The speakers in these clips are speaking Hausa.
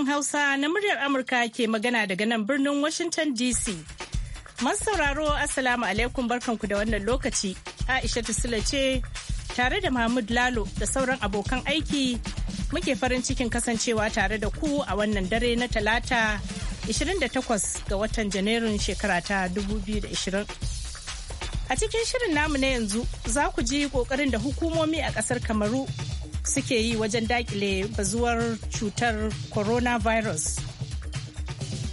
sashin Hausa na muryar Amurka ke magana daga nan birnin Washington DC. Masu sauraro Assalamu alaikum barkanku da wannan lokaci. Aisha Sule ce tare da Mahmud Lalo da sauran abokan aiki muke farin cikin kasancewa tare da ku a wannan dare na talata 28 ga watan Janairun shekara ta 2020. A cikin shirin namu na yanzu za ku ji kokarin da hukumomi a ƙasar Kamaru suke yi wajen dakile bazuwar cutar coronavirus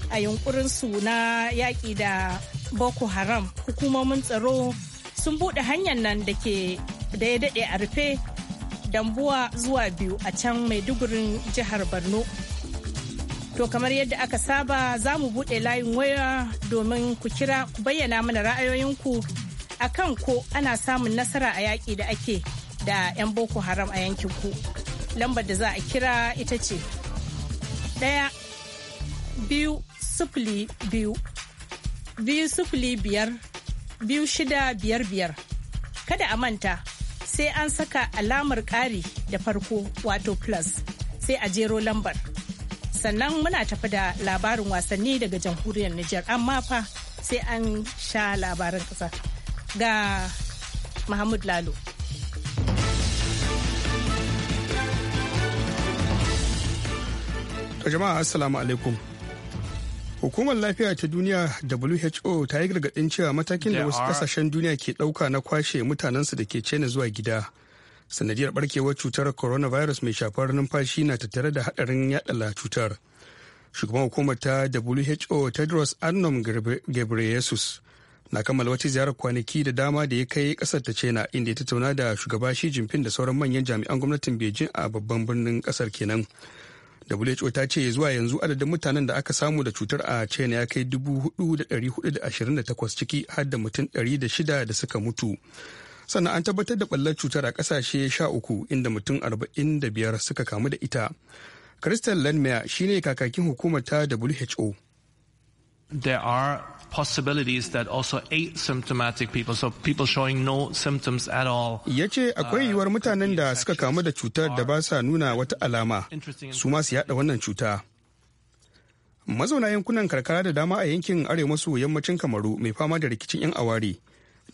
a su na yaƙi da boko haram hukumomin tsaro sun buɗe hanyar nan da ke da ya daɗe a rufe dambuwa zuwa biyu a can maidugurin jihar borno to kamar yadda aka saba za mu buɗe layin waya domin ku kira ku bayyana mana ra'ayoyinku akan ko ana samun nasara a yaƙi da ake da 'yan boko haram a yankin ku lambar da za a kira ita ce ɗaya biyu sifili biyu biyu sifili biyar biyu shida biyar biyar kada a manta sai an saka alamar ƙari da farko wato plus sai a jero lambar sannan muna tafi da labarin wasanni daga jamhuriyar Nijar amma fa sai an sha labarin ƙasa ga Muhammad Lalo. To jama'a assalamu alaikum. Hukumar lafiya ta duniya WHO ta yi gargaɗin cewa matakin da wasu kasashen duniya ke ɗauka na kwashe mutanensu da ke cena zuwa gida. Sanadiyar barkewar cutar coronavirus mai shafar numfashi na tattare da haɗarin yaɗa cutar. Shugaban hukumar ta WHO Tedros Adhanom Ghebreyesus na kammala wata ziyarar kwanaki da dama da ya kai ƙasar ta china inda ya tattauna da shugaba shi jinping da sauran manyan jami'an gwamnatin beijing a babban birnin ƙasar kenan WHO ta ce zuwa yanzu adadin mutanen da aka samu da cutar a China ya kai 4,428 ciki har da mutum 600 da suka mutu. Sannan an tabbatar da ɓallar cutar a ƙasashe 13 inda mutum 45 suka kamu da ita. Christian Lenmeyer shine kakakin hukumar ta WHO. there are possibilities that also asymptomatic people, so people showing no symptoms at all. Ya ce uh, akwai yiwuwar mutanen da suka kamu da cutar da ba sa nuna wata alama su ma su yada wannan cuta. Mazauna yankunan karkara da dama a yankin arewa maso yammacin Kamaru mai fama da rikicin 'yan awari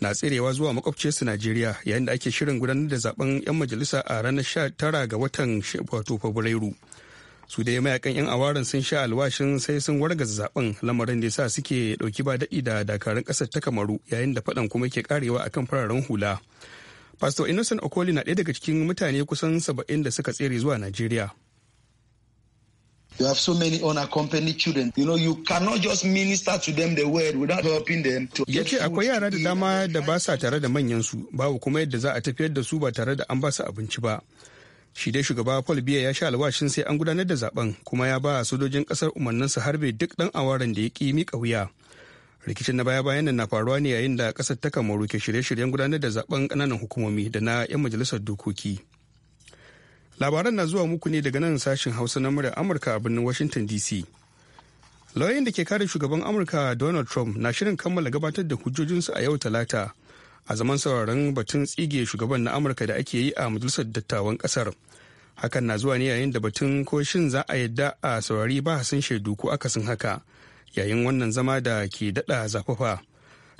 na tserewa zuwa makwabciyarsu Najeriya yayin da ake shirin gudanar da zaben 'yan majalisa a ranar 19 ga watan Fabrairu. su dai mayakan 'yan awarin sun sha alwashin sai sun warga zaben lamarin da sa suke dauki ba daɗi da dakarun kasar ta kamaru yayin da faɗan kuma yake karewa akan fararen hula pastor innocent okoli na ɗaya daga cikin mutane kusan saba'in da suka tsere zuwa nigeria. You have so many unaccompanied cannot just minister to them Ya ce akwai yara da dama da ba sa tare da manyansu, babu kuma yadda za a tafiyar da su ba tare da an ba su abinci ba. shi dai shugaba paul biya ya sha alwashin sai an gudanar da zaben kuma ya ba sojojin kasar umarnin su harbe duk dan awaren da ya ki mika wuya rikicin na baya-bayan nan na faruwa ne yayin da kasar ta kamaru ke shirye-shiryen gudanar da zaben kananan hukumomi da na 'yan majalisar dokoki labaran na zuwa muku ne daga nan sashen hausa na murya amurka a birnin washington dc lauyoyin da ke kare shugaban amurka donald trump na shirin kammala gabatar da hujjojinsu a yau talata a zaman sauraron batun tsige shugaban na amurka da ake yi a majalisar dattawan kasar hakan na zuwa ne yayin da batun ko shin za a yadda a saurari ba bahasin shaidu ko akasin haka yayin wannan zama da ke dada zafafa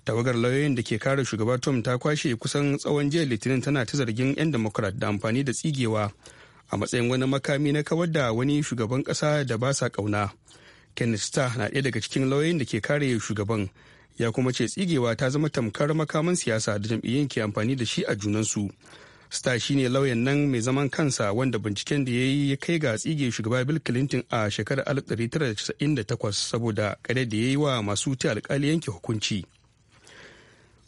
tawagar lauyoyin da ke kare shugaba tom ta kwashe kusan tsawon jiya litinin tana ta zargin 'yan democrat da amfani da tsigewa a matsayin wani makami na kawar da wani shugaban kasa da ba sa kauna kenneth star na ɗaya daga cikin lauyoyin da ke kare shugaban ya kuma ce tsigewa ta zama tamkar makaman siyasa da jam'iyyun ke amfani da shi a junansu star shine lauyan nan mai zaman kansa wanda binciken da ya yi ya kai ga tsige shugaba bill clinton a shekarar 1998 saboda kare da ya yi wa masu ta alkali yanke hukunci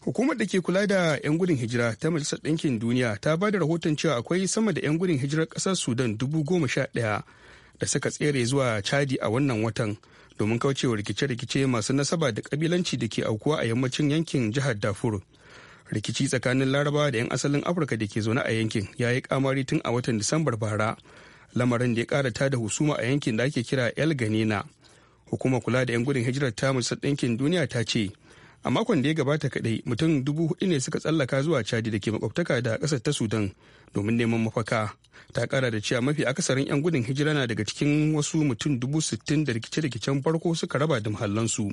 hukumar da ke kula da 'yan gudun hijira ta majalisar ɗinkin duniya ta ba da rahoton cewa akwai sama da 'yan gudun hijirar ƙasar sudan dubu da suka tsere zuwa chadi a wannan watan domin kaucewa rikice-rikice masu nasaba da kabilanci da ke aukuwa a yammacin yankin jihar Darfur. Rikici tsakanin Larabawa da 'yan asalin Afirka da ke zaune a yankin ya yi kamari tun a watan Disambar bara, lamarin da ya kara da husuma a yankin da ake kira El Ganina. Hukumar kula da 'yan gudun hijirar ta Majalisar Ɗinkin Duniya ta ce, a makon da ya gabata kadai mutum dubu hudu ne suka tsallaka zuwa chadi da ke makwabtaka da kasar ta sudan domin neman mafaka ta kara da cewa mafi akasarin 'yan gudun hijira na daga cikin wasu mutum dubu sittin da rikice-rikicen farko suka raba da muhallansu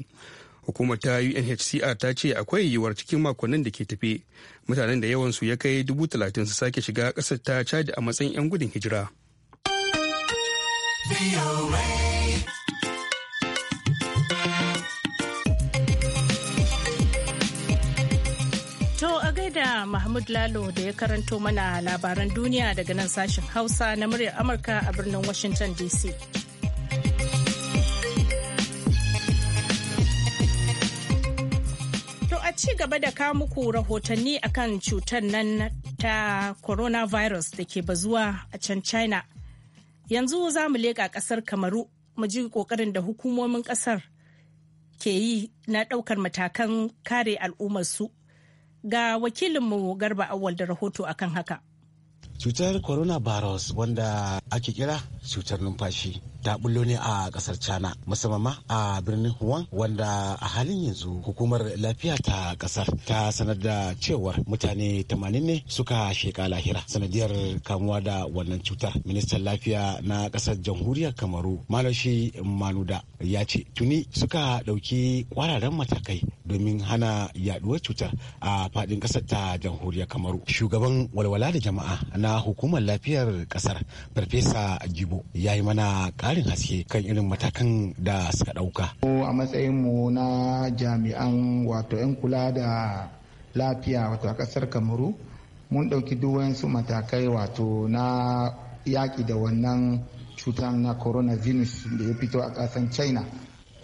hukumar ta unhcr ta ce akwai yiwuwar cikin makonnin da ke tafe mutanen da yawan su ya kai dubu talatin su sake shiga kasar ta chadi a matsayin 'yan gudun hijira. Mahmud Lalo da ya karanto mana labaran duniya daga nan sashen Hausa na muryar Amurka a birnin Washington DC. To a ci gaba da ka muku rahotanni akan cutar nan ta coronavirus da ke bazuwa a can China. Yanzu za mu leƙa ƙasar Kamaru mu ji ƙoƙarin da hukumomin ƙasar ke yi na ɗaukar matakan kare al'ummarsu ga wakilinmu garba awal da rahoto akan haka. cutar coronavirus wanda ake kira cutar numfashi ta ne a kasar China musamman ma a birnin huwan. wanda a halin yanzu hukumar lafiya ta kasar ta sanar da cewar mutane 80 ne suka sheka lahira sanadiyar kamuwa da wannan cutar. Ministan lafiya na kasar jamhuriyar Kamaru Malashi Manuda ya ce tuni suka ɗauki kwararren matakai domin hana yaduwar cutar a faɗin ƙasar ta jamhuriyar Kamaru. Shugaban walwala da jama'a na hukumar lafiyar ƙasar Farfesa Jibo ya yi mana ƙarin haske kan irin matakan da suka ɗauka. a matsayin mu na jami'an wato 'yan kula da lafiya wato a ƙasar kamaru mun ɗauki duk matakai wato na yaƙi da wannan cutar na coronavirus da ya fito a ƙasan china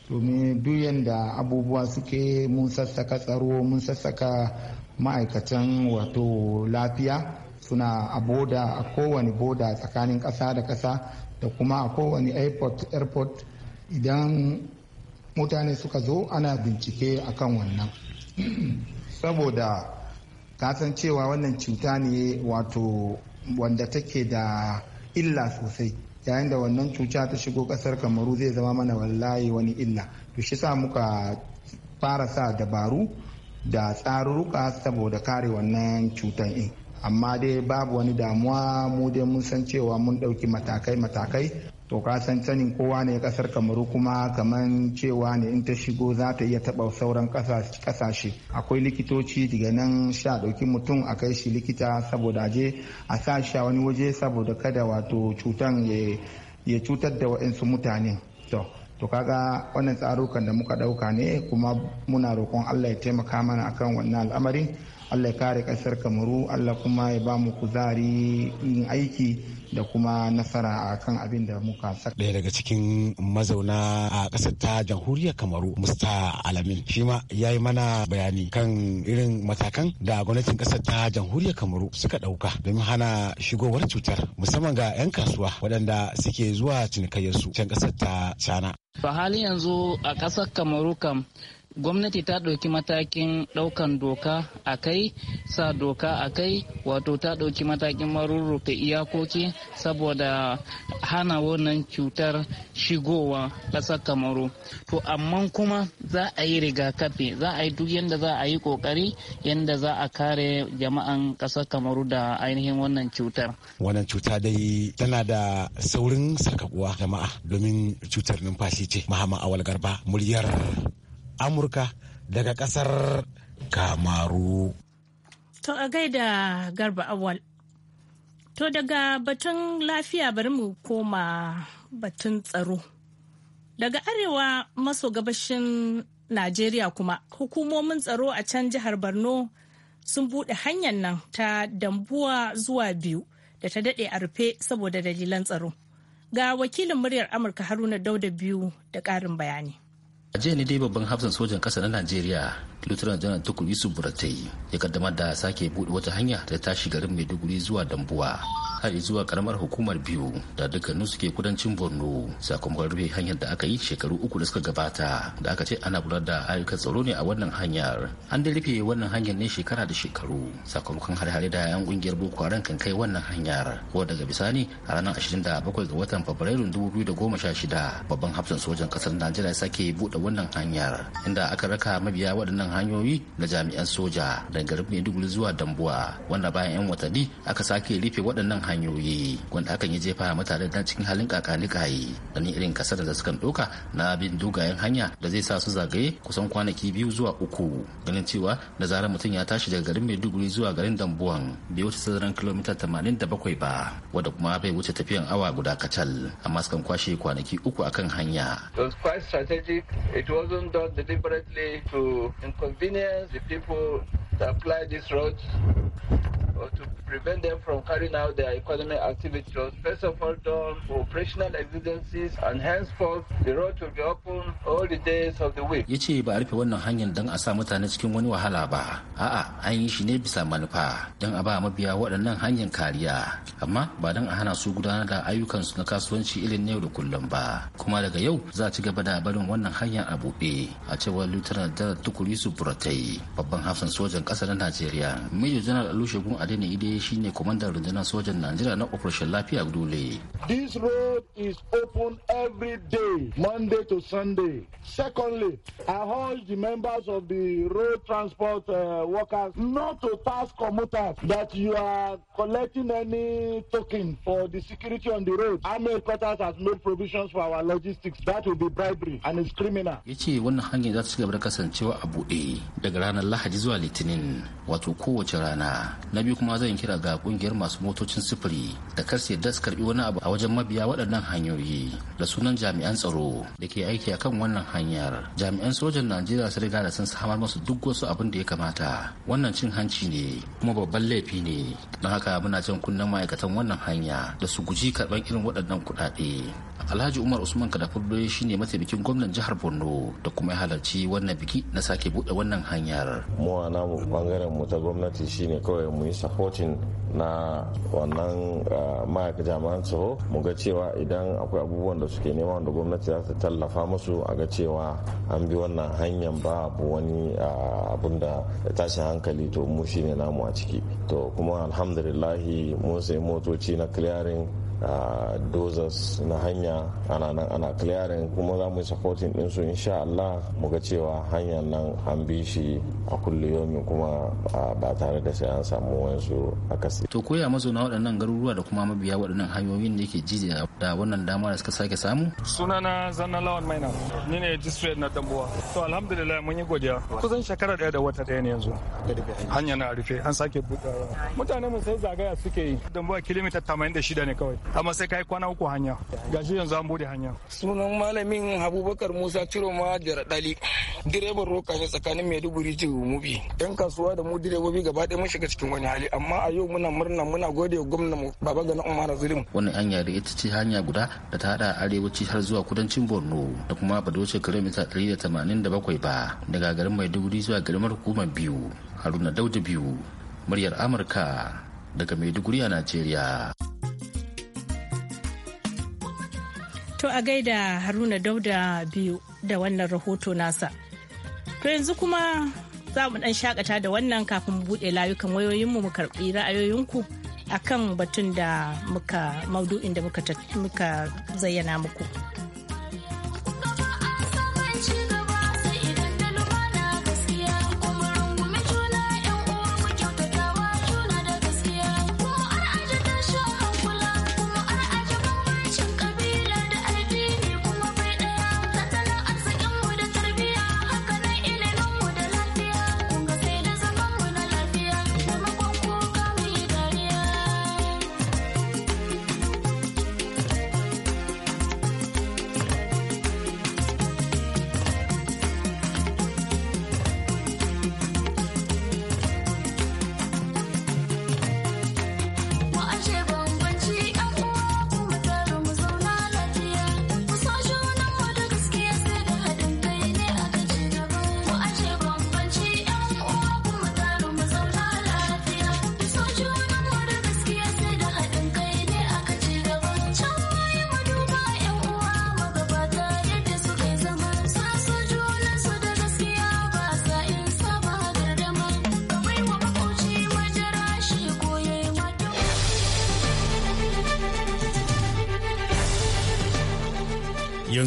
domin duk da abubuwa suke mun sassaka tsaro mun sassaka ma'aikatan wato lafiya suna a boda a kowane boda tsakanin ƙasa da ƙasa da kuma a kowane airport airport idan mutane suka zo ana bincike akan wannan saboda kasan cewa wannan cuta ne wato wanda take da illa sosai yayin da wannan cuta ta shigo kasar kamaru zai zama mana wallahi wani illa to shi sa muka fara sa dabaru da tsarurruka saboda kare wannan cutan in amma dai babu wani damuwa mu dai mun san cewa mun ɗauki matakai-matakai to ka san sanin kowa ne kasar kamaru kuma kaman cewa ne in ta shigo za ta iya taɓa sauran ƙasashe akwai likitoci daga nan sha ɗauki mutum a kai shi likita saboda je a sa sha wani waje saboda kada wato cutan ya cutar da waɗansu mutane to to kaga wannan tsarukan da muka ɗauka ne kuma muna roƙon allah ya taimaka mana akan wannan al'amarin allah ya kare kasar kamaru allah kuma ya ba mu kuzari yin aiki da kuma nasara a kan abin da muka saka. Daya daga cikin mazauna a ƙasar ta jamhuriyar Kamaru, Musta Alamin, shi ma ya yi mana bayani kan irin matakan da gwamnatin ƙasar ta jamhuriyar Kamaru suka ɗauka domin hana shigowar cutar musamman ga 'yan kasuwa waɗanda suke zuwa cinikayyarsu can ƙasar ta Cana. A halin yanzu a ƙasar Kamaru kam gwamnati ta ɗauki matakin ɗaukan doka a kai sa doka a kai wato ta ɗauki matakin marurruka iyakoki saboda hana wannan cutar shigowa ƙasar kamaru to amma kuma za a yi rigakafi za a yi duk yadda za a yi ƙoƙari yadda za a kare jama'an ƙasar kamaru da ainihin wannan cutar wannan cuta dai tana da saurin sarkakuwa jama'a domin cutar numfashi ce muhammad awal garba muryar amurka daga kasar kamaru to a gaida garba awal to daga batun lafiya bari mu koma batun tsaro daga arewa maso gabashin najeriya kuma hukumomin tsaro a can jihar borno sun buɗe hanyar nan ta dambuwa zuwa biyu da ta daɗe a rufe saboda dalilan tsaro ga wakilin muryar amurka haruna dauda biyu da ƙarin bayani jiya ne dai babban hafsan sojan ƙasa na najeriya lieutenant janar tukur yusuf buratai ya kaddamar da sake buɗe wata hanya ta tashi garin maiduguri zuwa dambuwa har zuwa karamar hukumar biyu da dukkanin suke kudancin borno sakamakon rufe hanyar da aka yi shekaru uku da suka gabata da aka ce ana gudanar da ayyukan tsaro ne a wannan hanyar an da rufe wannan hanyar ne shekara da shekaru sakamakon har-hare da yan kungiyar boko haram kan kai wannan hanyar ko daga bisani a ranar 27 ga watan sha shida babban hafsan sojan kasar najeriya sake buɗe wannan hanyar inda aka raka mabiya waɗannan hanyoyi na jami'an soja daga garin maiduguri zuwa dambuwa wanda bayan 'yan watanni aka sake rufe waɗannan hanyoyi wanda akan yi jefa mutane dan cikin halin kakanikayi da ni irin kasar da sukan ɗauka na bin dogayen hanya da zai sa su zagaye kusan kwanaki biyu zuwa uku ganin cewa da zarar mutum ya tashi daga garin maiduguri zuwa garin dambuwan bai wuce sararin kilomita bakwai ba wadda kuma bai wuce tafiyan awa guda kacal amma sukan kwashe kwanaki uku akan hanya. It wasn't done deliberately to inconvenience the people that apply these roads. to prevent them from carrying out their economic activities first of all done for operational exigencies and henceforth the road will be open all the days of the week. yace ba a rufe wannan hanyar don a sa mutane cikin wani wahala ba. A'a an yi shi ne bisa manufa don a ba mabiya waɗannan hanyar kariya amma ba don a hana su gudanar da ayyukansu na kasuwanci irin na yau da kullum ba. Kuma daga yau za a ci gaba da barin wannan hanyar a buɗe a cewar Lieutenant General Tukuri buratai babban hafsan sojan ƙasar Najeriya. Major General Alushegun shi shine kwamandan rundunar sojan Najeriya na Operation Lafiya Dole. This road is open every day, Monday to Sunday. Secondly, I urge the members of the road transport uh, workers not to pass commuters that you are collecting any token for the security on the road. Army headquarters has no provisions for our logistics. That will be bribery and is criminal. Ya ce wannan hanyar za ta ci gaba da kasancewa a buɗe daga ranar Lahadi zuwa Litinin wato kowace rana. Na biyu kuma zan kira ga kungiyar masu motocin sufuri da kar da su karbi wani abu a wajen mabiya waɗannan hanyoyi da sunan jami'an tsaro da ke aiki akan wannan hanyar jami'an sojan najeriya sun riga da sun samar masu duk wasu abin da ya kamata wannan cin hanci ne kuma babban laifi ne don haka muna jan kunnen ma'aikatan wannan hanya da su guji karban irin waɗannan kuɗaɗe alhaji umar usman kadafurdo shine mataimakin gwamnan jihar borno da kuma ya halarci wannan biki na sake buɗe wannan hanyar mu a namu bangaren mu ta gwamnati shine kawai mu yi supporting na wannan ah, ma'aikata jami'an tsaro mu ga cewa idan akwai abubuwan da suke nema wanda gwamnati za ta tallafa musu a ga cewa an bi wannan hanyar ba babu wani ah, abun da tashin hankali to mu shine namu a ciki to kuma alhamdulillahi mun sai motoci na clearing dozers na hanya ana nan ana clearing kuma za mu yi supporting in insha Allah mu ga cewa hanyar nan an bi shi a kulle yomi kuma ba tare da sai an samu wasu akasi. To koya mazauna waɗannan garuruwa da kuma mabiya waɗannan hanyoyin da yake jijiya da wannan dama da suka sake samu? Sunana Zanna Lawan Maina, ni ne district na Dambuwa. To alhamdulillah mun yi godiya. Kusan shekara ɗaya da wata ɗaya ne yanzu. Hanya na rufe an sake buɗewa. Mutane mu sai zagaya suke yi. Dambuwa kilomita 86 ne kawai. amma sai kai kwana uku hanya shi yanzu an bude hanya sunan malamin abubakar musa ciroma dali direban roka ne tsakanin maiduguri jiru mubi yan kasuwa da mu direbobi gaba ɗaya mun shiga cikin wani hali amma a yau muna murna muna gode wa gwamnan baba gana umar zulum wannan hanya da ita ce hanya guda da ta hada arewaci har zuwa kudancin borno da kuma ba da wuce kilomita bakwai ba daga garin maiduguri zuwa garin hukumar biyu haruna dauda biyu muryar amurka daga maiduguri a najeriya To a gaida Haruna Dauda biyu da wannan rahoto nasa. To yanzu kuma za mu dan shakata da wannan kafin mu buɗe layukan wayoyinmu mu karɓi ra'ayoyinku akan batun da muka maudu'in da muka zayyana muku.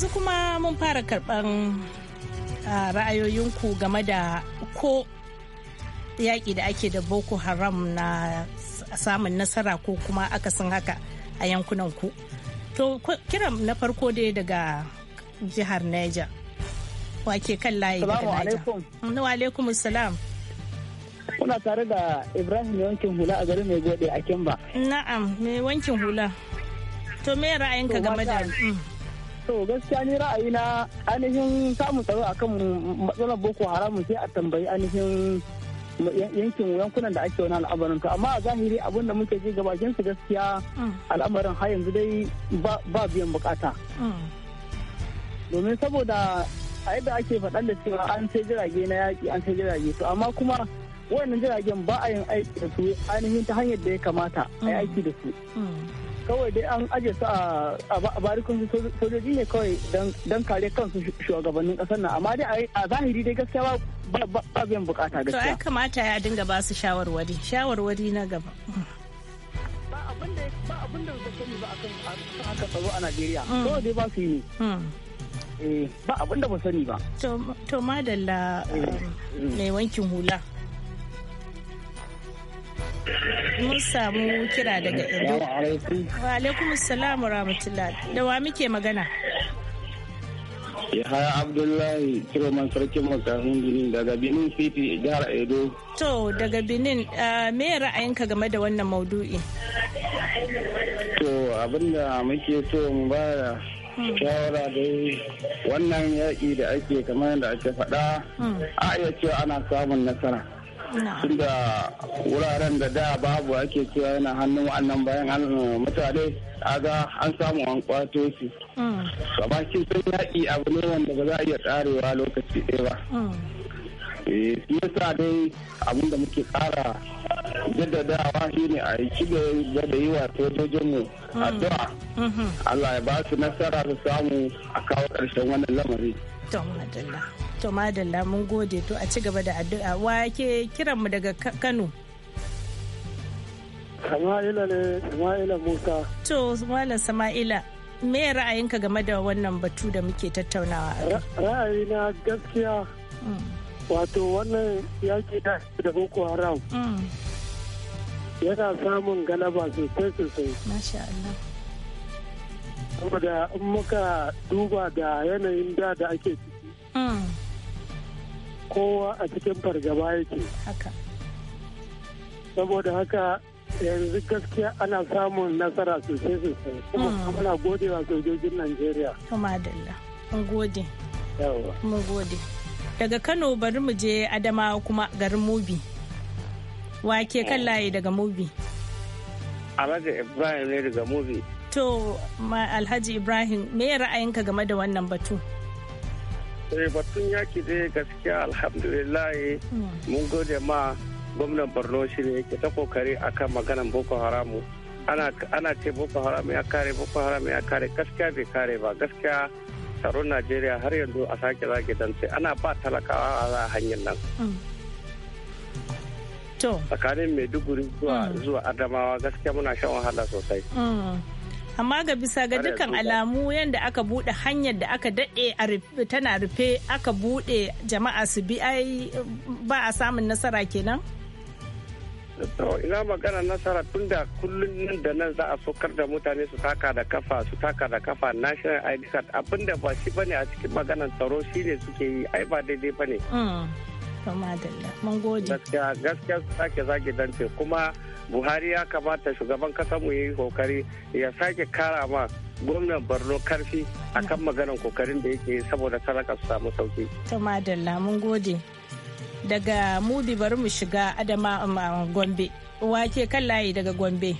yanzu kuma mun fara karɓan ra'ayoyinku game da ko yaƙi da ake da boko haram na samun nasara ko kuma akasin haka a yankunan ku to kiran na farko dai daga jihar niger wake kan layi daga niger mm, wa alaikum salam kuna tare da ibrahim mai wankin hula a garin mai gode a kimba na'am mai wankin hula to me ra'ayinka game da to gaskiya ni ra'ayi na ainihin samun tsaro akan matsalar boko haram sai a tambayi ainihin yankin yankunan da ake wani al'amarin to amma a zahiri abin da muke ji gabakin su gaskiya al'amarin har yanzu dai ba biyan bukata domin saboda a yadda ake faɗan da cewa an sai jirage na yaƙi an sai jirage to amma kuma wannan jiragen ba a yin aiki da su ainihin ta hanyar da ya kamata a yi aiki da su kawai dai an aje su a barikun sojoji ne kawai don kare kansu shugabannin kasar nan amma dai a zahiri dai gaskiya ba biyan bukata gaskiya. To ai kamata ya dinga ba su shawarwari shawarwari na gaba. Mm. Ba abin da ba abin da ba sani ba kan haka tsaro a Najeriya. Mm. Kawai dai ba su yi ne. Mm. Eh, ba abin da ba sani ba. To madalla eh, um, eh. mai wankin hula. mun samu kira daga Edo. Wa alaikum salam rahmatullah. Da wa muke magana? Yahaya Abdullahi Kiroman Sarkin Makarun Benin daga Benin City jihar Edo. To daga Benin me ra'ayinka game da wannan maudu'i? To abinda muke so mu bada hmm. shawara da wannan yaƙi da ake kamar da ake faɗa hmm. a iya cewa ana samun nasara. tunda wuraren da da babu ake cewa yana hannun wannan bayan hannun mutane aga an samu an kwato su mm. amma shi sun yaƙi abu ne wanda ba za a iya ƙarewa lokaci ɗaya ba mm. eh yasa dai abin da muke ƙara jaddadawa shi ne a ci da da yi wa sojojinmu mm. addu'a mm-hmm. Allah ya ba su nasara su samu a kawo ƙarshen wannan lamari. to madalla mun gode to a ci gaba da addu'a wa ke kiran mu daga Kano Sama'ila ne Sama'ila Musa to Sama'ila Sama'ila me ra'ayinka game da wannan batu da muke tattaunawa ra'ayi na gaskiya mm. wato wannan yaki da da boko haram mm. yana samun galaba sosai sosai masha Allah saboda in muka duba da yanayin da da ake ciki mm. kowa a cikin fargaba yake saboda haka yanzu gaskiya ana samun nasara sosai sosai kuma gode hmm. godewa sojojin najeriya mun gode mun gode daga kano bari mu je adamawa kuma garin mubi wake kan layi daga mubi alhaji ibrahim ne daga mubi to alhaji ibrahim me ra'ayinka game da wannan batu eh batun yaki dai gaskiya alhamdulillah hmm. mun gode ma gwamnan borno shi ne yake ta kokari akan maganan boko haramu ana ce boko haram ya kare boko haram ya kare gaskiya bai kare ba gaskiya tsaron najeriya har yanzu a sake zage dantse ana ba talakawa a hanyar nan hmm. tsakanin maiduguri hmm. zuwa adamawa gaskiya muna shan wahala sosai amma ga bisa ga dukkan alamu yadda aka bude hanyar da aka daɗe tana rufe aka bude jama'a su bi ai ba a samun nasara kenan ina magana nasara tun da kullum nan da nan za a sokar da mutane su taka da kafa su taka da kafa national id card abinda ba shi bane a cikin maganar tsaro shine suke yi ai ba daidai bane mm. to madalla mun gode gaskiya gaskiya sake zaki dance kuma buhari ya kamata shugaban kasa mu yi kokari ya sake kara ma gwamnan borno karfi akan maganar kokarin da yake saboda talaka su samu sauki to madalla mun gode daga mubi bari mu shiga adama um, um, gombe wake kan layi daga gombe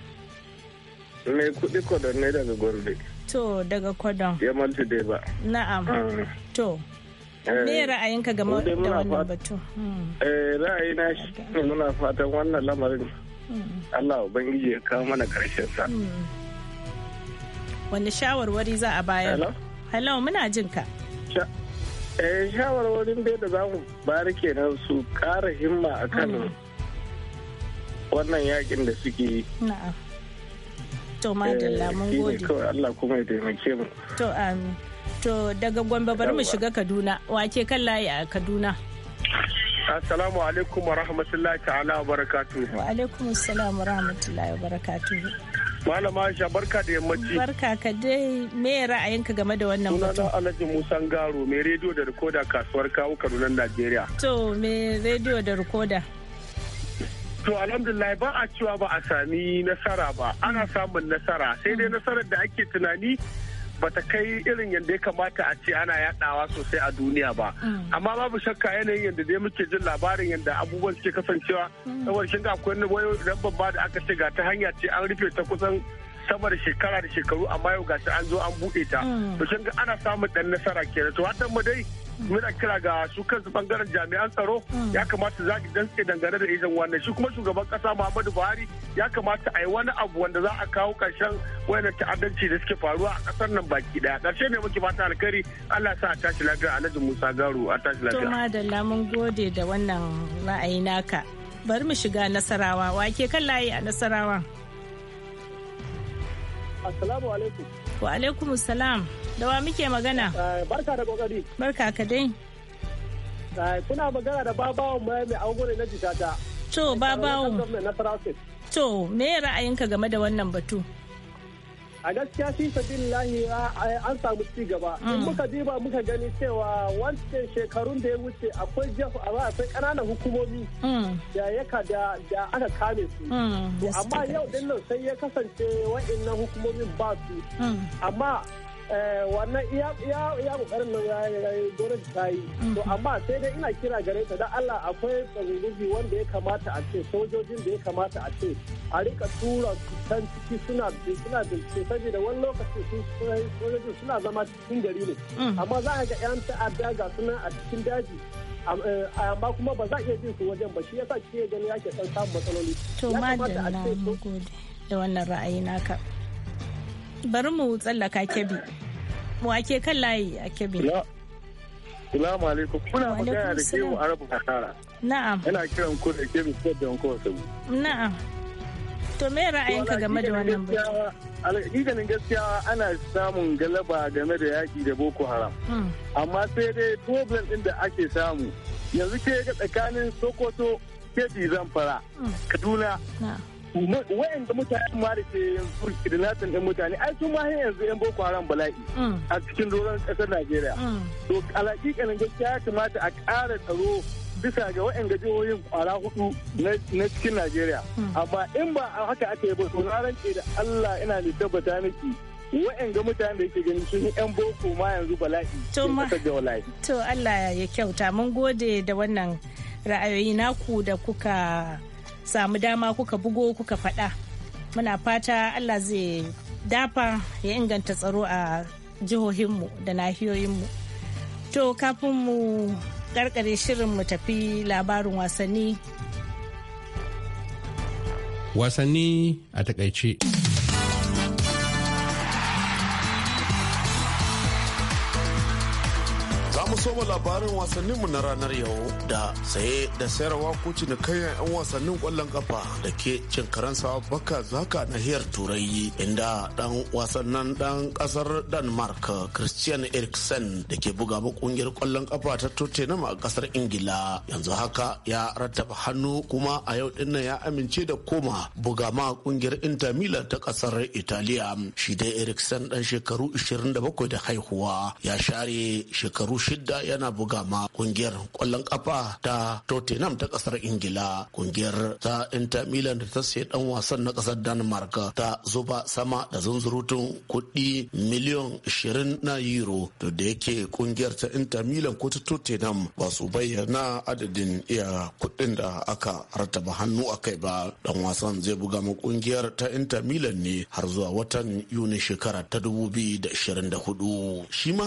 mai kudi kodon ne daga gombe to daga kodon ya mantu dai ba na'am ah. to Eh, me ra'ayinka game da wannan batu hmm. eh, ra'ayina shi ne muna fatan wannan lamarin hmm. Allah ubangiji ya kawo mana karshen sa hmm. wanda shawarwari za a bayar hello muna jin ka eh, shawarwarin dai da za mu bari kenan su kara himma akan wannan yakin da suke yi to madalla mun gode Allah kuma ya taimake mu to amin To daga Gombe bari mu shiga Kaduna, wake kan layi a Kaduna. Assalamu alaikum wa rahmatullahi ta'ala wa barakatu. Wa alaikum assalam wa rahmatullahi wa barakatu. Malama Aisha barka da yammaci. Barka ka dai me ra'ayinka game da wannan mutum? Sunana Alhaji Musa Ngaro mai rediyo da rikoda kasuwar kawo Kaduna Najeriya. To me rediyo da rikoda? To alhamdulillah ba a cewa ba a sami nasara ba ana samun nasara sai dai nasarar da ake tunani bata kai irin yadda ya kamata a ce ana yadawa sosai a duniya ba mm. amma babu shakka yanayin yadda dai muke jin labarin yadda abubuwan suke kasancewa mm. saboda shin ga akwai wani babba da aka ce ga ta hanya ce an rufe ta kusan sama da shekara da shekaru amma yau ga an zo an buɗe ta mm. to shin ga ana samun dan nasara kenan to hatan mu dai muna kira ga su kansu bangaren jami'an tsaro mm. ya kamata za ki dantse dangane da izin wannan shi kuma shugaban kasa Muhammadu Buhari ya kamata a yi wani abu wanda za a kawo karshen wayannan ta'addanci da suke faruwa a kasar nan baki daya karshe ne muke fata alkhairi Allah sa a tashi lafiya Alhaji Musa Garu a tashi lafiya to madalla mun gode da wannan ra'ayi naka bari mu shiga nasarawa wake kan layi a nasarawa Assalamu alaikum. Wa alaikum salam. Da wa muke magana? Eh, barka da kokari. Barka ka dai. Eh, kuna magana da babawan mai mai angure na jikata. To eh, babawan. To me ra'ayinka game da wannan batu? a gaskiya fi lahi an samu ci gaba in mm. muka diba muka gani cewa wancan shekarun da ya wuce akwai jefu a ba akwai ƙananan hukumomi mm. da ka da aka kame su mm. amma yau din nan sai ya kasance wa'annan hukumomin ba su amma Eh, wannan iya kokarin nan dole ta yi mm. to amma sai dai ina kira gare ta dan Allah akwai tsarurrubi wanda ya kamata a ce sojojin da ya kamata a ce a rika tura su can ciki suna suna bincike saboda wani lokaci su sojojin suna zama cikin gari ne mm. amma za a ga yan ta'adda ga suna a cikin daji eh, amma kuma ba za a iya jin su wajen ba shi yasa kike gani yake san samun matsaloli to madalla mun gode da wannan ra'ayi naka bari mu tsallaka kebi wake kan layi a kebi Salamu alaikum kuna magana da kewu arabu kakara na'am yana kiran ku da kebi ko da yanko na'am to me ra'ayinka game da wannan batu ganin gaskiya ana samun galaba game da yaki da boko haram hmm. amma sai dai problem din da ake samu yanzu ke ga tsakanin sokoto kebi zamfara hmm. kaduna da mutane ma da ke kidnapping din mutane ai su ma yanzu yan boko haram bala'i mm. a cikin doron kasar Najeriya mm. to alaƙiƙanin gaskiya ya kamata a ƙara tsaro bisa ga wa'anda jihohin kwara hudu na cikin Najeriya mm. amma in ba a haka aka yi ba to na rance da Allah ina ne tabbata miki wa'anga mutane da ke ganin sun yan boko ma yanzu bala'i to Allah ya kyauta mun gode da wannan ra'ayoyi naku da kuka samu dama kuka bugo kuka faɗa muna fata allah zai dafa ya inganta tsaro a jihohinmu da nahiyoyinmu to kafin mu karkare shirin mu tafi labarin wasanni wasanni a takaice soma labarin wasannin mu na ranar yau da saye da sayarwa ko cinikayyar 'yan wasannin kwallon kafa da ke cin karansa baka zaka nahiyar turai inda dan wasannan dan kasar denmark christian eriksen da ke buga ma kungiyar kwallon kafa ta tottenham a kasar ingila yanzu haka ya rattaba hannu kuma a yau dinnan ya amince da koma buga ma kungiyar inter milan ta kasar italiya shi dai eriksen dan shekaru 27 da haihuwa ya share shekaru shida da yana buga ma kungiyar kwallon kafa ta Tottenham ta kasar Ingila kungiyar ta Inter Milan da ta sayi dan wasan na kasar Denmark ta zuba sama da zunzurutun kuɗi miliyan 20 na euro to da yake kungiyar ta Inter Milan ko ta Tottenham ba su bayyana adadin iya kuɗin da aka rataba hannu a kai ba dan wasan zai buga ma kungiyar ta Inter Milan ne har zuwa watan Yuni shekara ta 2024 shi ma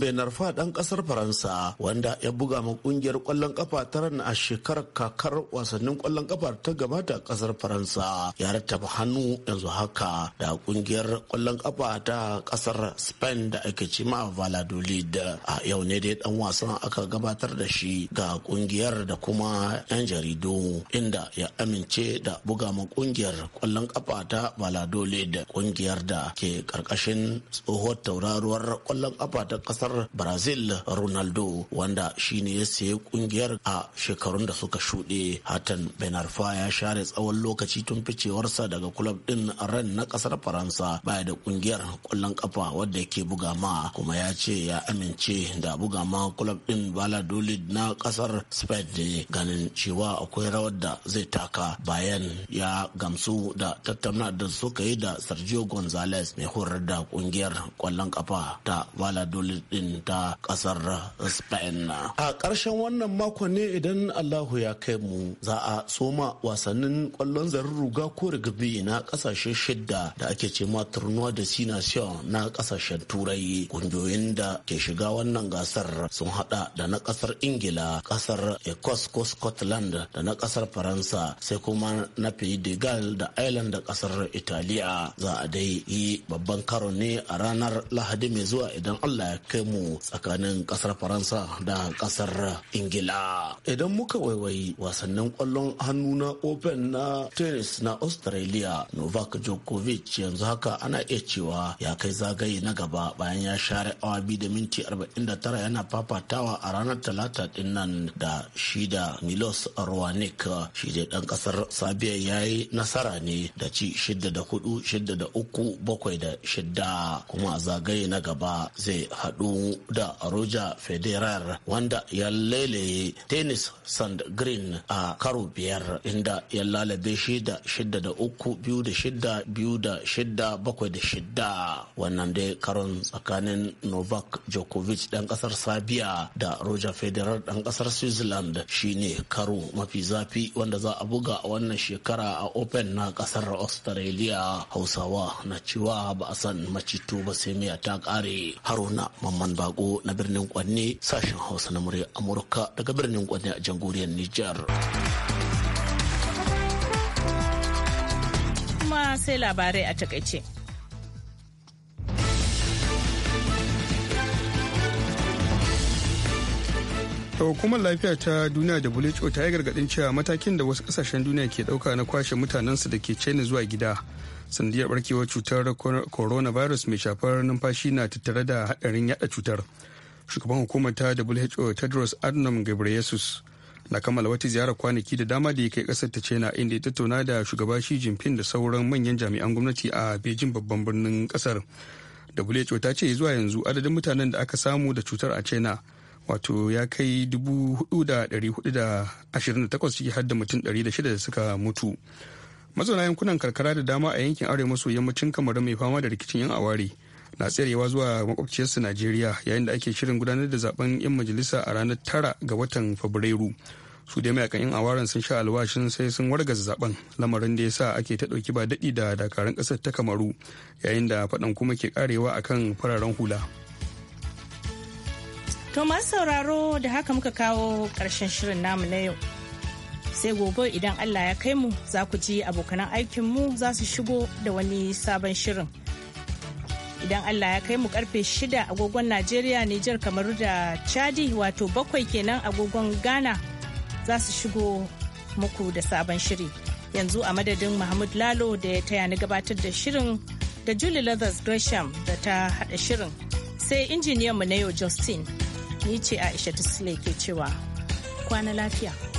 bai narfa dan kasar Faransa faransa wanda ya buga ma kungiyar kwallon kafa ta ran a shekarar kakar wasannin kwallon kafa ta gabata a kasar faransa ya rattaba hannu yanzu haka da kungiyar kwallon kafa ta kasar spain da ake ce ma valladolid a yau ne dai dan wasan aka gabatar da shi ga kungiyar da kuma yan jaridu inda ya amince da buga ma kungiyar kwallon kafa ta valladolid kungiyar da ke karkashin tsohon tauraruwar kwallon kafa ta kasar brazil ronaldo wanda shi ne ya sayi kungiyar a shekarun da suka shuɗe hatan benarfa ya share tsawon lokaci tun ficewarsa daga kulab din ran na kasar faransa baya da kungiyar kwallon kafa wadda ke buga ma kuma ya ce ya amince da buga ma kulab din valladolid na kasar spain ganin cewa akwai rawar da zai taka bayan ya gamsu da tattauna da suka yi da sergio gonzalez mai horar da kungiyar kwallon kafa ta valladolid din ta kasar Spain. A ƙarshen wannan makon ne idan Allahu ya kai mu za a soma wasannin ƙwallon zarin ruga ko rigabi na ƙasashen shidda da ake ce ma turnuwa da sinasiyon na ƙasashen turai. Ƙungiyoyin da ke shiga wannan gasar sun hada da na ƙasar Ingila, ƙasar Ecos ko Scotland da na ƙasar Faransa sai kuma na de Gal da Ireland da ƙasar Italiya. Za a dai yi babban karo ne a ranar Lahadi mai zuwa idan Allah ya kai mu tsakanin ƙasar kasar faransa da kasar ingila idan muka waiwayi wasannin kwallon hannu na open na tennis na australia novak djokovic yanzu haka ana iya cewa ya kai zagaye na gaba bayan ya share awa biyu da minti 49 yana fafatawa a ranar talata din da shida milos rwanik shi dai dan kasar sabiya ya yi nasara ne da ci shida da hudu shidda da uku bakwai da shidda kuma zagaye na gaba zai haɗu da roger federer wanda ya lailaye tennis sand green a karo biyar inda ya lalabe shida shida shidda da uku biyu da shidda biyu da shidda bakwai da shidda wannan dai karon tsakanin novak djokovic dan kasar Sabia da roger Federal dan kasar switzerland shine karo mafi zafi wanda za a buga a wannan shekara a open na kasar australia hausawa na cewa ba a san macito ba sai miya ta kare haruna mamman bako na birnin Kwanne sashen Hausa na murya Amurka daga birnin Kwanne a jamhuriyar Nijar. Kuma sai labarai a takaice. hukumar lafiya ta duniya da who ta yi gargaɗin cewa matakin da wasu ƙasashen duniya ke ɗauka na kwashe mutanensu da ke china zuwa gida sandiyar barkewar cutar coronavirus mai shafar numfashi na tattare da haɗarin yada cutar shugaban hukumar ta who tedros adnam ghebreyesus na kammala wata ziyara kwanaki da dama da ya kai kasar ta china inda ya tattauna da shugaba shi jinping da sauran manyan jami'an gwamnati a beijing babban birnin kasar who ta ce zuwa yanzu adadin mutanen da aka samu da cutar a china wato ya kai 4,428 ciki har da mutum 600 da suka mutu mazauna yankunan karkara da dama a yankin arewa maso yammacin kamar mai fama da rikicin yan aware na tserewa zuwa makwabciyarsa najeriya yayin da ake shirin gudanar da zaben 'yan majalisa a ranar tara ga watan fabrairu su dai mayakan 'yan awaran sun sha alwashin sai sun wargaza zaben lamarin da ya sa ake ta ɗauki ba daɗi da dakarun ƙasar ta kamaru yayin da faɗan kuma ke karewa akan fararen hula to masu sauraro da haka muka kawo ƙarshen shirin namu na yau sai gobe idan allah ya kai mu za ku ji abokanan aikinmu za su shigo da wani sabon shirin idan Allah ya kai mu karfe shida agogon Najeriya, Nijar, kamar da Chadi wato bakwai kenan agogon Ghana za su shigo muku da sabon shiri. Yanzu a madadin Mahmud Lalo da ya taya ni gabatar da shirin da Julie Leathers Gresham da ta haɗa shirin. Sai mu na yau Justin, ni ce Aisha Tisle ke cewa kwana lafiya.